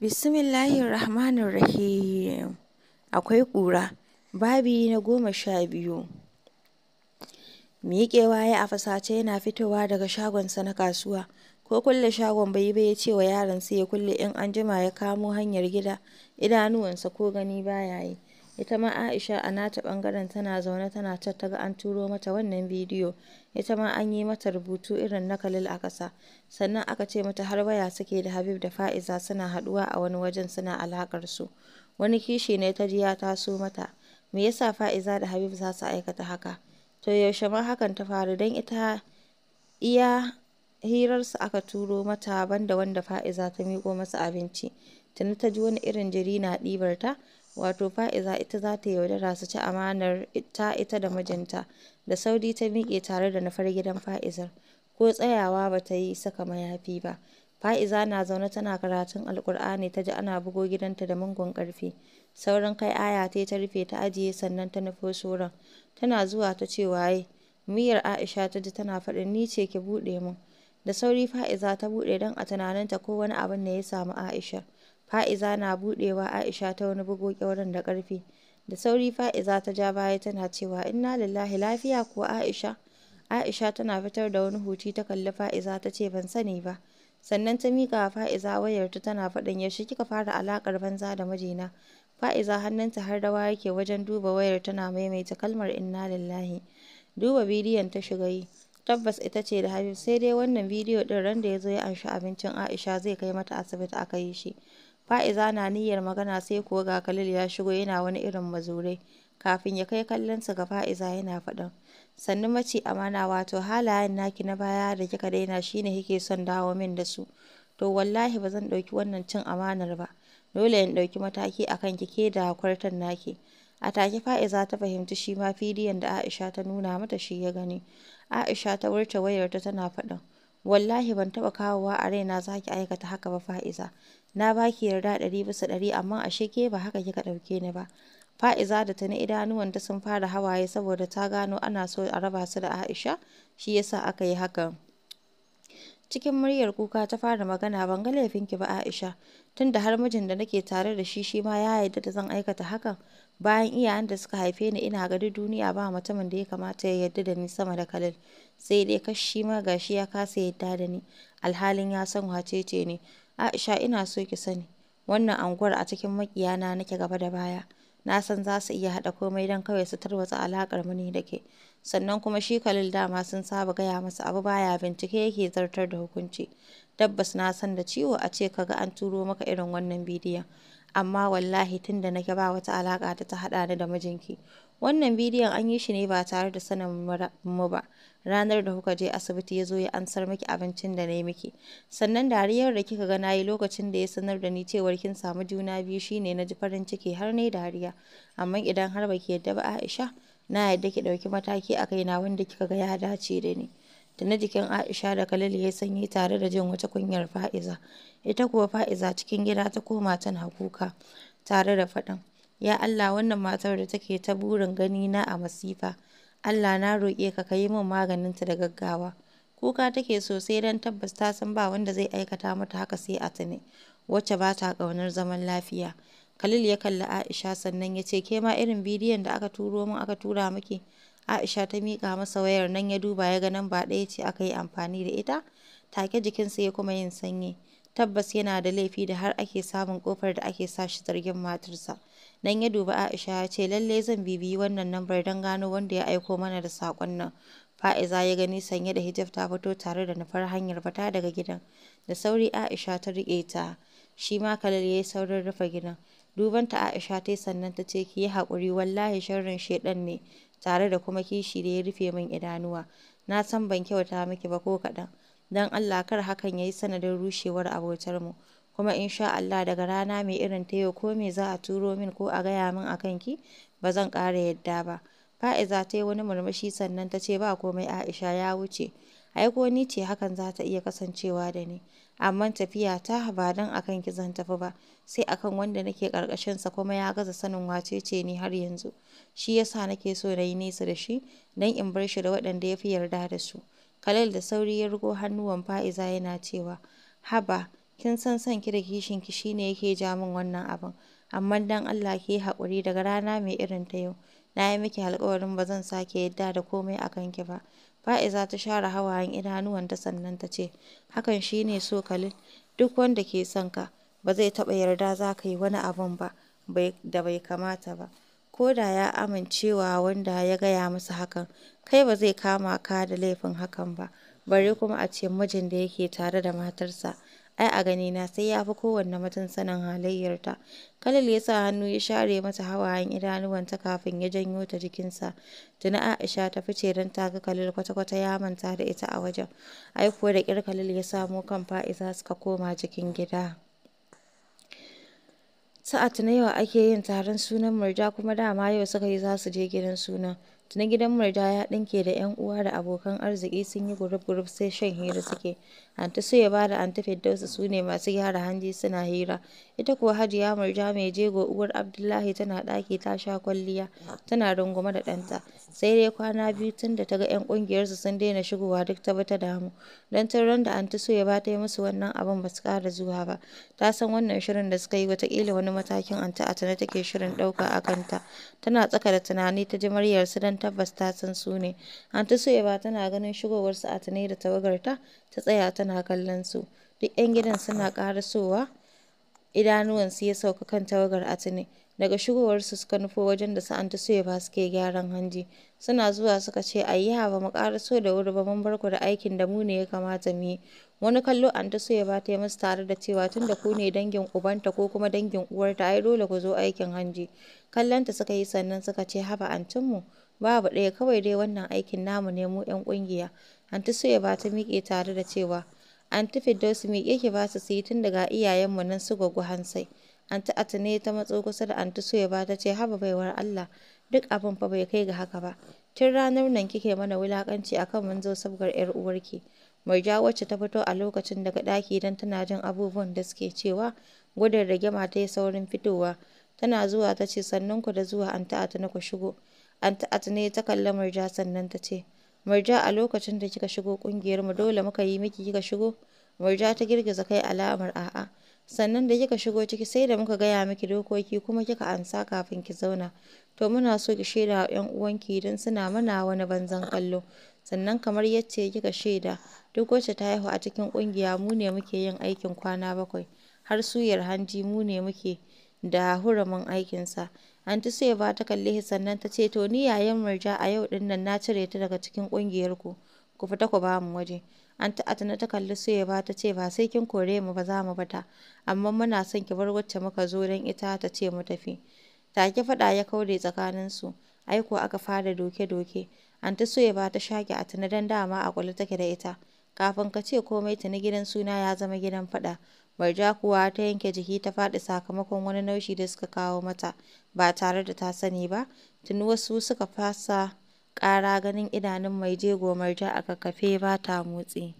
rahim Akwai ƙura. Babi na 12. Miƙewa ya a fasace yana fitowa daga shagonsa na kasuwa. Ko kulle shagon bai yi ba ya ce wa sai ya kulle in an jima ya kamo hanyar gida, idanuwansa ko gani ba yi. Ita ma Aisha a nata ɓangaren tana zaune tana ta taga an turo mata wannan bidiyo, ita ma an yi mata rubutu irin na Khalil a ƙasa, sannan aka ce mata har waya suke da Habib da Fa'iza suna haɗuwa a wani wajen suna su wani kishi ne ta ji ya taso mata, me yasa Fa'iza da Habib za su aikata haka, to yaushe ma hakan ta faru don ita iya su aka turo mata banda wanda Fa'iza ta miƙo masa abinci, tuni ta ji wani irin jiri na ɗibar ta. wato Fa'iza ita za ta yaudara su ci amanar ta ita da mijinta, da sauri ta miƙe tare da nufar gidan Fa'izar, ko tsayawa ba ta yi saka mayafi ba. Fa'iza na zaune tana karatun Alƙur'ani ta ji ana bugo gidanta da mungun ƙarfi. sauran kai aya ta yi ta rufe ta ajiye sannan ta nufo suran. Tana zuwa ta ce waye, muryar Aisha ta ji tana faɗin ni ce ki buɗe mun Da sauri Fa'iza ta buɗe don a tunaninta ko wani abin ne ya samu Aisha. Fa'iza na buɗewa Aisha ta wani bugo ƙyauren da ƙarfi. Da sauri Fa'iza ta ja baya tana cewa, Inna lillahi lafiya kuwa Aisha? Aisha tana fitar da wani huci ta kalli Fa'iza ta ce ban sani ba. Sannan ta miƙa wa Fa'iza wayarta tana faɗin yaushe kika fara alaƙar banza da mijina. Fa'iza hannunta har rawa yake wajen duba wayar tana maimaita kalmar inna lillahi. Duba bidiyon ta shiga yi. Tabbas ita ce da Habib sai dai wannan bidiyo ɗin randa ya zo ya amshi abincin Aisha zai kai mata asibiti aka yi shi. Fa'iza na niyyar magana sai kuwa ga Khalil ya shigo yana wani irin mazurai, kafin ya kai kallonsa ga Fa'iza yana faɗan sannu mace amana wato halayen naki na baya da kika daina shine ne kike son dawo min da su, to wallahi ba zan ɗauki wannan cin amanar ba, dole in ɗauki mataki a kan ke da kwartan naki. A take Fa'iza ta fahimci shi ma fidiyon da Aisha ta nuna mata shi ya gani. Aisha ta wurce wayarta tana faɗan. Wallahi ban taɓa kawowa a raina za ki aikata haka ba Fa'iza. Na baki yarda ɗari bisa ɗari amma ashe ke ba haka kika ɗauke ni ba. Fa'iza da ta idanuwan idanuwanta sun fara hawaye saboda ta gano ana so a raba su da Aisha, shi yasa aka yi haka Cikin muryar kuka ta fara magana ban ga laifinki ba Aisha, tunda har mijin da nake tare da shi shi ma ya yarda da zan aikata hakan. Bayan iyayen da suka haife ni, ina ga duk duniya ba mutumin da ya kamata ya yarda da ni sama da kalil sai dai kashi shi ma gashi ya kasa yarda da ni, alhalin ya san wacece ne. Aisha ina so ki sani, wannan anguwar a cikin maƙiyana nake gaba da baya. Na san za su iya haɗa komai don kawai su tarwatsa alaƙar mu ne da ke. Sannan kuma shi kalil dama sun saba gaya masa abu baya bincike yake zartar da hukunci. Tabbas na san da ciwo a ce ka ga an turo maka irin wannan bidiyon. amma wallahi tun da nake ba wata alaƙa ta ta haɗa ni da mijinki. Wannan bidiyon an yi shi ne ba tare da sanin mu ba. Ranar da kuka je asibiti ya zo ya ansar miki abincin da na yi miki. Sannan dariyar da kika ga na yi lokacin da ya sanar da ni cewar kin samu juna biyu shine na ji farin ciki har ne dariya. Amma idan har ki yadda ba Aisha, na yadda ki ɗauki mataki a kaina wanda kika ga ya dace da ni. Da na jikin Aisha da Khalil ya sanyi tare da jin wata kunyar Fa'iza. Ita kuwa Fa'iza cikin gida ta koma tana kuka tare da faɗin. Ya Allah wannan matar da take ta burin gani na a masifa. Allah na roƙe ka ka yi min maganinta da gaggawa. Kuka take sosai don tabbas ta san ba wanda zai aikata mata haka sai a tuni, wacce ba ta ƙaunar zaman lafiya. Khalil ya kalli Aisha sannan ya ce, ke ma irin bidiyon da aka turo min aka tura miki Aisha ta miƙa masa wayar nan ya duba ya ga ba ɗaya ce aka yi amfani da ita, take jikinsa ya kuma yin sanyi. Tabbas yana da laifi da har ake samun kofar da ake sa shi zargin matarsa. Nan ya duba Aisha ya ce lalle zan bibiyi wannan lambar don gano wanda ya aiko mana da saƙon nan. Fa'iza ya gani sanye da hijab ta fito tare da nufar hanyar fita daga gidan. Da sauri Aisha ta riƙe ta, shi ma kalar ya yi saurin rufe gidan. Dubanta Aisha ta yi sannan ta ce ki yi haƙuri wallahi sharrin shaiɗan ne. tare da kuma kishi da ya rufe min idanuwa. Na san ban kyauta miki ba ko kaɗan. Don Allah kar hakan ya yi sanadin rushewar abotarmu. Kuma in sha Allah daga rana mai irin ta yau ko me za a turo min ko a gaya min a kanki ba zan ƙara yadda ba. Fa'iza ta yi wani murmushi sannan ta ce ba komai Aisha ya wuce. ai ko ni ce hakan za ta iya kasancewa da ni, amma tafiya ta ba don a ki zan tafi ba, sai akan wanda nake karkashin sa kuma ya gaza sanin wace ce ni har yanzu, shi yasa nake so na yi nesa da shi don in bar shi da waɗanda ya fi yarda da su. kalal da sauri ya rugo hannuwan Fa'iza yana cewa, Haba, kin san san ki da kishin ki shine yake ja min wannan abin, amma dan Allah ki yi haƙuri daga rana mai irin ta yau, na yi miki alƙawarin ba zan sake yadda da komai a ki ba. Fa'iza ta share hawayen idanuwanta sannan ta ce, "Hakan shi ne so Khalil, duk wanda ke son ka, ba zai taɓa yarda za ka yi wani abun ba da bai kamata ba, ko da ya amincewa wanda ya gaya masa hakan, kai ba zai kama ka da laifin hakan ba, bare kuma a ce mijin da yake tare da matarsa ai a ganina sai ya fi kowanne mutum sanin halayyarta. Kalil ya sa hannu ya share mata hawayen idanuwanta kafin ya janyo ta jikinsa. Tuna Aisha ta fice don ta ga Kalil kwata-kwata ya manta da ita a wajen. Ai kuwa da ƙyar kalil ya samo kan fa'iza suka koma jikin gida. Sa'a na yau ake yin taron sunan murja kuma dama yau suka yi za su je gidan sunan. na gidan murja ya ɗinke da 'yan uwa da abokan arziki sun yi gurub-gurub sai shan hira suke. Anty ba da Anty Firdausa su ne masu gyara hanji suna hira, ita kuwa Hajiya Murja mai jego uwar Abdullahi tana ɗaki ta sha kwalliya, tana rungume da ɗanta. Sai dai kwana biyu tun da ta ga 'yan ƙungiyarsu sun daina shigowa duk ta bi ta damu, don tun ran da Anty Suwaiba ta yi musu wannan abin ba su ƙara zuwa ba. Ta san wannan shirin da suka yi wataƙila wani matakin Anty na take shirin ɗauka a kanta. Tana tsaka da tunani ta ji muryarsu don tabbas ta san su ne. Anti Suwaiba tana ganin shigowarsu a tane da tawagarta ta tsaya tana kallon su. Duk 'yan gidan suna idanuwan su ya sauka kan tawagar Atine. Daga shigowarsu suka nufo wajen da su sa'anta Suwaiba suke gyaran hanji. Suna zuwa suka ce ayya ba mu karaso da wuri ba mun bar ku da aikin da mu ne ya kamata mu yi. Wani kallo anta ba ta yi tare da cewa tun da ku ne dangin ubanta ko kuma dangin uwarta ai dole ku zo aikin hanji. Kallonta suka yi sannan suka ce haba antinmu Babu ɗaya, kawai dai wannan aikin namu ne mu 'yan ƙungiya. soya ba ta miƙe tare da cewa, Anty Firdausi miƙe ki ba su su yi tun daga iyayenmu nan su Goggo Hansai. Anty Atine ta matso kusa da soya ba ta ce, haba baiwar Allah, duk abin fa bai kai ga haka ba. Tun ranar nan kike mana wulaƙanci akan mun zo sabgar 'yar uwarki. mai ja wacce ta fito a lokacin daga ɗaki don tana jin abubuwan da suke cewa, gudun rigima ta yi saurin fitowa. Tana zuwa ta ce, sannan ku da zuwa ta na ku shigo. Anta'at ne ta kalla Murja sannan ta ce, Murja a lokacin da kika shigo kungiyar mu dole muka yi miki kika shigo? Murja ta girgiza kai alamar a'a. Sannan da kika shigo ciki sai da muka gaya miki dokoki kuma kika ansa kafin ki zauna. To muna so ki shaida wa 'yan uwanki don suna mana wani banzan kallo. Sannan kamar yacce kika shaida duk wacce ta haihu a cikin kungiya mu ne muke yin aikin kwana bakwai. Har suyar hanji mu ne muke da hurumin aikinsa. Anti Suwaiba ta kalli shi sannan ta ce, To ni yayan Murja a yau din nan na cire ta daga cikin ƙungiyar ku. Ku fita ku ba mu waje. Anti Atana ta kalli Suwaiba ta ce ba sai kin kore mu ba za mu ta amma muna son ki bar wacce muka zo don ita ta ce mu tafi. ta ki fada ya kaure tsakanin Ai ko aka fara doke-doke. Anti Suwaiba ta shake Atana dan dama a kula take da ita. Kafin ka ce komai tuni gidan suna ya zama gidan fada. marja kuwa ta yanke jiki ta faɗi sakamakon wani naushi da suka kawo mata ba tare da ta sani ba, tuni wasu suka fasa ƙara ganin idanun mai jego marja a kakkafe ba ta motsi.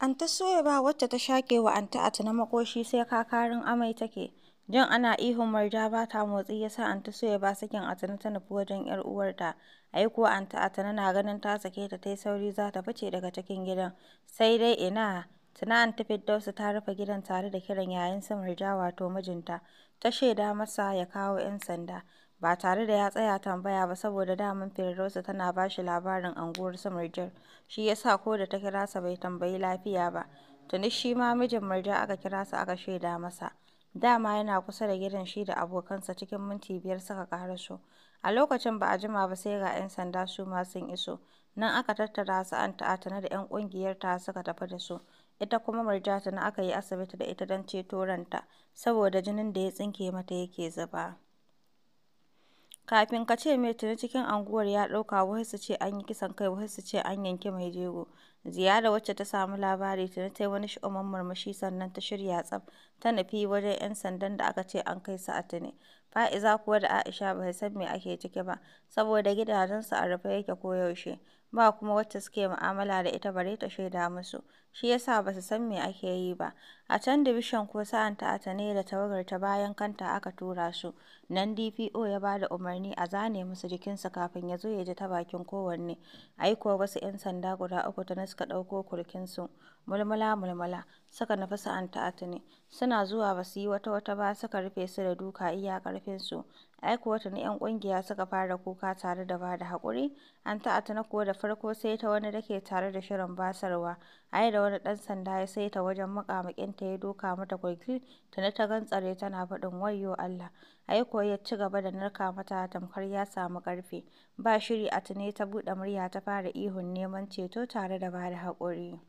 an ta soya ba wacce ta shaƙe wa anta a tuna makoshi sai kakarin amai take. jan ana ihun marja ba ta motsi ya sa an ta soya ba sakin Atana ta nufi wajen 'yar uwarta. Ai kuwa anta Atana na ganin ta sake ta ta sauri za ta fice daga cikin gidan. Sai dai ina Sana'an ta Firdausa ta rufe gidan tare da kiran samar Murja wato mijinta, ta shaida masa ya kawo ‘yan sanda, ba tare da ya tsaya tambaya ba saboda daman Firdausa tana ba shi labarin samar Murjar, shi ya sa ko da ta kira sa bai tambayi lafiya ba, tuni shi ma mijin Murja aka kira sa aka shaida masa, dama yana kusa da gidan shi da abokansa cikin minti biyar suka ƙaraso, a lokacin ba a jima ba sai ga ‘yan sanda su ma sun iso, nan aka tattara su an Atani da ‘yan ƙungiyarta suka tafi da su. Ita kuma na aka yi asibiti da ita don ceto ranta, saboda jinin da ya tsinke mata yake zuba. Kafin ka ce me, tuni cikin unguwar ya dauka wai su ce an yi kisan kai, wai su ce an yanki mai jego. Ziyara wacce ta samu labari tuni ta wani sha'umin murmushi sannan ta shirya tsaf, ta nufi wajen 'yan sandan da aka ce an kai su a tuni Fa'iza kuwa da Aisha ba san me ake ciki ba, saboda gidajensu a rufe yake koyaushe. ba kuma wacce suke mu'amala da ita bare ta shaida musu, shi ya sa ba su san me ake yi ba. A can dibishan ko ta ne da ta bayan kanta aka tura su, nan DPO ya ba da umarni a zane musu jikinsu kafin ya zo ya ji ta bakin kowanne, ai kuwa wasu 'yan sanda guda uku tuni suka ɗauko kulkinsu, mulmula-mulmula, suka nufi ta ne suna zuwa ba su yi wata-wata ba suka rufe su da duka iya ƙarfinsu. Ai watanni 'yan kungiya suka fara kuka tare da ba da haƙuri, Anta'at kuwa da farko sai ta wani da tare da shirin basarwa, a da wani ɗan sanda ya sai ta wajen ta ya doka mata kwalkwil, tuni ta gantsare tana faɗin wayo Allah”, ai ya ci gaba da narka mata tamkar ya samu ƙarfe, ba shiri a tune ta buɗe murya ta fara ihun neman ceto tare da ba da haƙuri.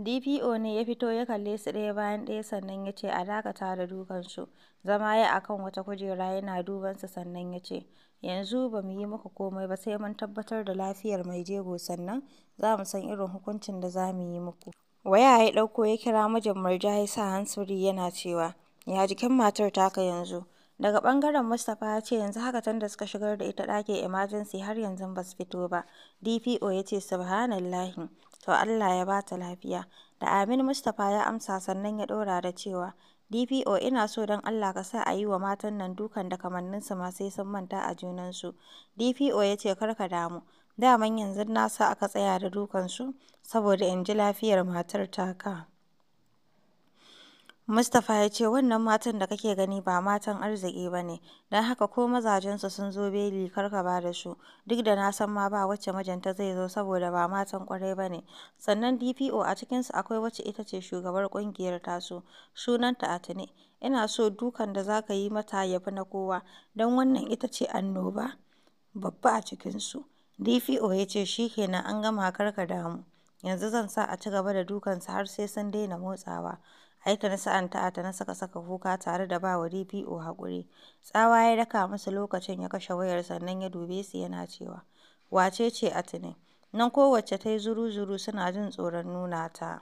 DPO ne ya fito ya kalle su ɗaya bayan ɗaya sannan ya ce, "A dakata da dukansu." Zama ya yi a kan wata kujera yana duban su sannan ya ce, "Yanzu ba mu yi muku komai ba sai mun tabbatar da lafiyar mai jego sannan za mu san irin hukuncin da za mu yi muku." Waya ya ɗauko ya kira mijin Murja ya sa handsfree yana cewa, "Ya jikin matar taka yanzu?" Daga ɓangaren Mustapha ya ce yanzu haka tanda suka shigar da ita ɗakin emergency har yanzu ba su fito ba. DPO ya ce, "Subhanallahi." to Allah ya bata lafiya. Da amin Mustapha ya amsa sannan ya ɗora da cewa, DPO ina so don Allah ka sa a yi wa matan nan dukan da kamanninsu ma sai sun manta a junansu. DPO ya ce kar ka damu, daman yanzu na sa aka tsaya da dukansu saboda in ji lafiyar matar taka. Mustapha ya ce wannan matan da kake gani ba matan arziki ba ne, don haka ko mazajensu sun zo beli kar ka ba da su, duk da na san ma ba wacce mijinta zai zo saboda ba matan kwarai ba ne, sannan DPO a cikinsu akwai wacce ita ce shugabar kungiyar tasu, sunanta Atine, ina so dukan da za ka yi mata ya fi na kowa, don wannan ita ce annoba babba a cikinsu. DPO ya ce shi kenan an gama kar ka damu, yanzu zan sa a ci gaba da dukansu har sai sun daina motsawa. na sa'an ta na saka-saka kuka tare da ba wa DPO hakuri. tsawa ya daka musu lokacin ya kashe wayar sannan ya dube su yana cewa, "Wace ce Atini?" Nan kowacce ta yi zuru-zuru suna jin tsoron nuna ta.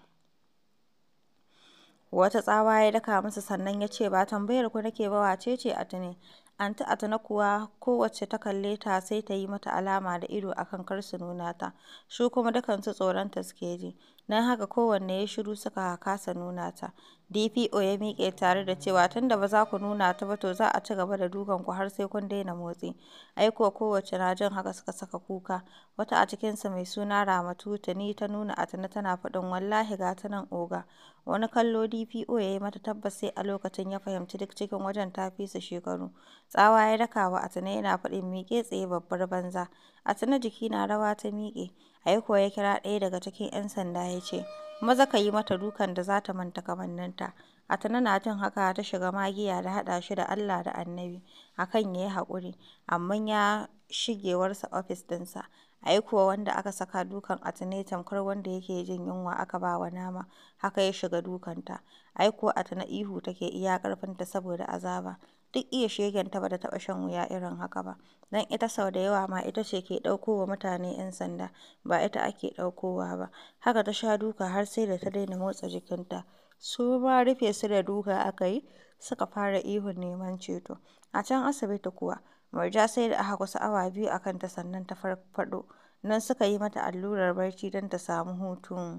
Wata tsawa ya daka masa sannan ya ce, "Ba tambayar ku nake ba, wace ce Atini?" anti na kuwa kowacce ta kalle ta sai ta yi mata alama da ido a kan kar su nuna ta, su kuma dukansu ta suke ji, don haka kowanne ya shiru suka kasa nuna ta. DPO ya miƙe tare da cewa tun da ba za ku nuna ta ba to za a ci gaba da dukanku har sai kun daina motsi. Ai kowace na jin haka suka saka kuka. Wata a cikinsu mai suna Ramatu tani ta nuna a tana tana faɗin wallahi ga ta nan oga. Wani kallo DPO ya yi mata tabbas sai a lokacin ya fahimci duk cikin wajen ta fi su shekaru. Tsawa ya daka wa a tana yana faɗin miƙe tsaye babbar banza. a tana jiki na rawa ta miƙe. Ai kuwa ya kira ɗaya daga cikin ‘yan sanda ya ce. maza ka yi mata dukan da za ta manta kamanninta. atana na jin haka ta shiga magiya da hada shi da Allah da Annabi akan kan ya yi haƙuri, amma ya shigewarsa ofis ɗinsa. yi kuwa wanda aka saka dukan Atine tamkar wanda yake jin yunwa aka ba wa nama, haka ya shiga dukanta. yi kuwa Atine ihu take iya ƙarfinta saboda azaba. Duk iya shegenta ba ta taba shan wuya irin haka ba, don ita sau da yawa ma ita ce ke ɗauko mutane 'yan sanda, ba ita ake ɗaukowa ba. Haka ta sha duka har sai da ta daina motsa jikinta. Su ma rufe su da duka aka yi, suka fara ihun neman ceto. A can asibiti kuwa, Murja sai da aka kusa awa biyu a kanta sannan ta farfado nan suka yi mata allurar barci don ta samu hutu.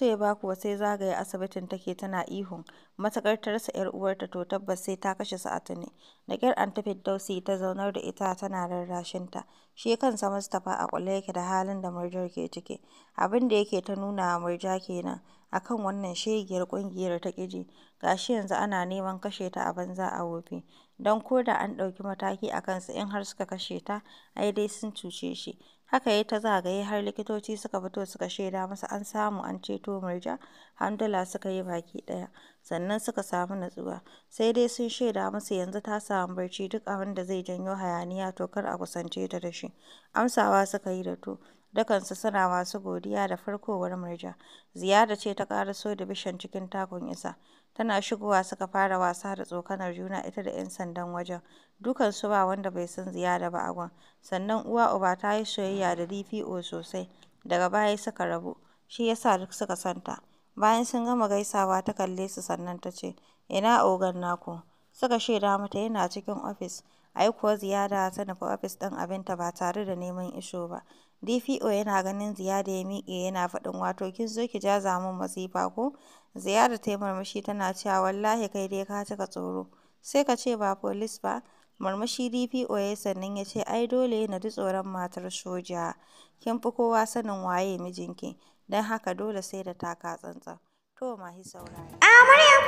ya ba kuwa sai zagaye asibitin take tana ihun matakar ta rasa 'yar uwarta to tabbas sai ta kashe a ne, da ƙyar tafi dausi ta zaunar da ita tana rarrashinta, shi kansa Mustapha a ƙulle yake da halin da Murjar ke cike abin da yake ta nunawa Murja kenan akan wannan shegiyar kungiyar ta kiji ji, ga shi yanzu ana neman kashe ta a banza a wofi, don ko da an ɗauki mataki a kansu in har suka kashe ta ai dai sun cuce shi. Haka ya yi ta zagaye har likitoci suka fito suka shaida masa an samu an ceto Murja, handula suka yi baki daya sannan suka samu natsuwa, sai dai sun shaida masa yanzu ta samu barci duk abin da zai janyo hayaniya to kar a kusance ta da shi, amsawa suka yi da to, dukansu suna masu godiya da farkowar Murja, ziyara ce ta da bishan cikin takun isa. Tana shigowa suka fara wasa da tsokanar juna ita da ‘yan sandan wajen, dukansu ba wanda bai san ziyara ba a sannan uwa-uba ta yi soyayya da DPO sosai, daga baya suka rabu, shi ya sa duk suka santa Bayan sun gama gaisawa ta kalle su sannan ta ce, "Ina ogan naku?" Suka shaida mata yana cikin ofis, ai kuwa ziyada ta nufi ofis ɗin abinta ba tare da neman iso ba. DPO yana ganin ziyada ya miƙe yana faɗin, "Wato kin zo ki jaza min masifa ko?" Ziyara ta yi murmushi tana cewa, "Wallahi kai dai ka cika tsoro, sai ka ce ba folis ba." Murmushi DPO ya yi sannan ya ce, "Ai dole na ji tsoron matar soja. Kin fi kowa sanin waye mijinki, don haka dole sai da taka-tsantsan." To hi saurari. A Maryam,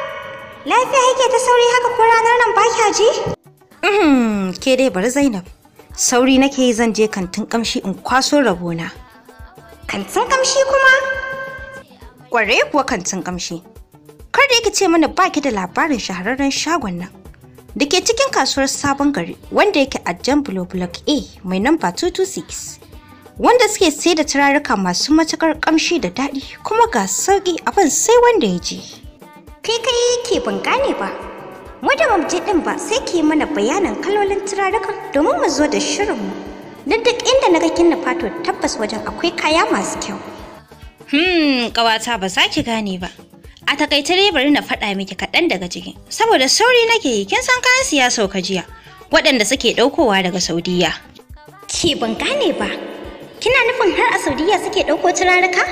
lafiya yake ta sauri haka ko ranar nan ba kya ji? Mm-hmm, ke dai bari Zainab. Sauri nake yi zan je kantin kamshi in kwaso rabona. Kantin kamshi kuma? Kware kuwa kantin kamshi Kar da yake ce mana ba ki da labarin shahararren shagon nan. Da ke cikin kasuwar sabon gari wanda yake a Jan Block A mai namba 226. Wanda suke sai da turaruka masu matuƙar kamshi da daɗi kuma ga sauƙi abin sai wanda ya je. Kai kai ke ban gane ba. mu da din ba sai ke mana bayanan kalolin turarukan domin mu zo da shirinmu. Duk duk inda na ga kinna fato tabbas wajen akwai kaya masu kyau. Hmm, ƙawata ba za ki gane ba. A takaice dai bari na faɗa miki kaɗan daga cikin, saboda sauri nake yi kin san kayan siya sauka jiya, waɗanda suke ɗaukowa daga Saudiya. Ke ban gane ba, kina nufin har a Saudiya suke ɗauko turaruka?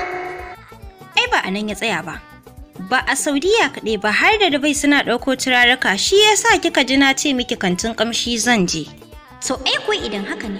Ai ba a nan ya tsaya ba. Ba a Saudiya kaɗai ba har da Dubai suna ɗauko turaruka shi yasa kika ji na ce miki kantin ƙamshi zan je. To ai ko idan haka ne,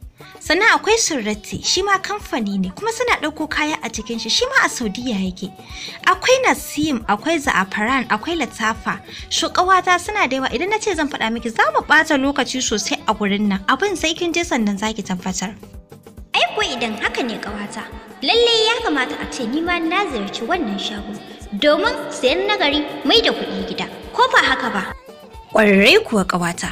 sannan akwai surrati shi ma kamfani ne kuma suna ɗauko kaya a cikin shi shi ma a saudiya yake akwai nasim akwai za'afaran akwai latafa shukawata suna da yawa idan na ce zan faɗa miki za mu ɓata lokaci sosai a gurin nan abin sai kin je sannan za ki tabbatar ai ko idan haka ne kawata lallai ya kamata a ce ni ma na ziyarci wannan shago domin sayan nagari mai da kuɗi gida ko ba haka ba ƙwararre kuwa kawata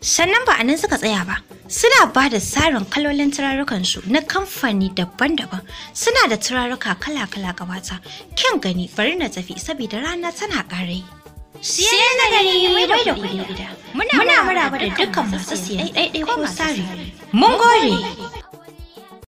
Sannan ba a nan suka tsaya ba, suna ba da tsarin kalolin turarukansu na kamfani daban-daban suna da turaruka kala-kala gabata. Kyan gani bari na tafi saboda rana tana karai Siyan na gani mai da kuɗi gida, Muna maraba da dukkan masu siyan ɗaiɗai ko tsari. Mun gore!